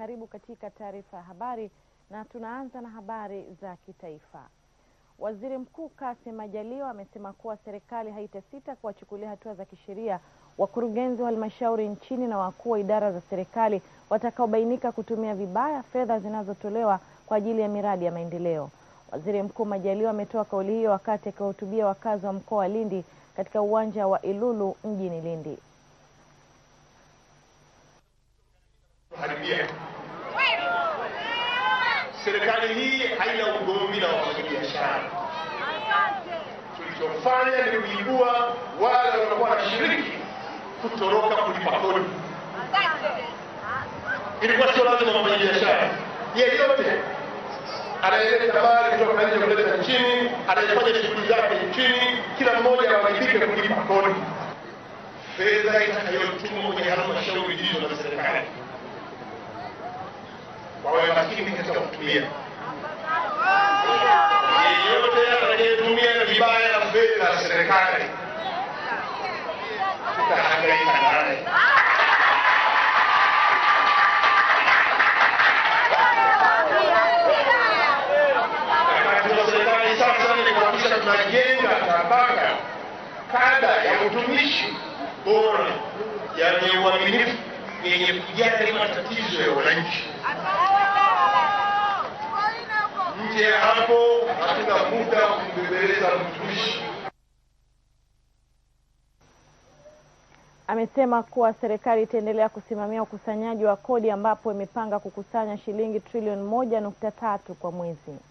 Karibu katika taarifa ya habari, na tunaanza na habari za kitaifa. Waziri Mkuu Kassim Majaliwa amesema kuwa serikali haitasita kuwachukulia hatua za kisheria wakurugenzi wa halmashauri nchini na wakuu wa idara za serikali watakaobainika kutumia vibaya fedha zinazotolewa kwa ajili ya miradi ya maendeleo. Waziri Mkuu Majaliwa ametoa kauli hiyo wakati akiwahutubia wakazi wa mkoa wa Lindi katika uwanja wa Ilulu mjini Lindi serikali hii haina ugomvi na wafanyabiashara. Tulichofanya ni kuibua wale wanakuwa wanashiriki kutoroka kulipa kodi. Ilikuwa sio lazima wafanyabiashara yeyote anayeleta mali kutoka nje kuleta nchini, anaefanya shughuli zake nchini, kila mmoja awajibike kulipa kodi. Fedha itakayotumwa kwenye halmashauri hizo za serikali wawe makini katika kulia. Yeyote atakayetumia na vibaya fedha za serikali tutahangaika naye. Serikali sasa ni tunajenga tabaka kada ya utumishi bora yenye yaani uaminifu yenye kujali matatizo ya wananchi kufikia hapo hatuna muda wa kumbembeleza mtumishi. Amesema kuwa serikali itaendelea kusimamia ukusanyaji wa kodi ambapo imepanga kukusanya shilingi trilioni moja nukta tatu kwa mwezi.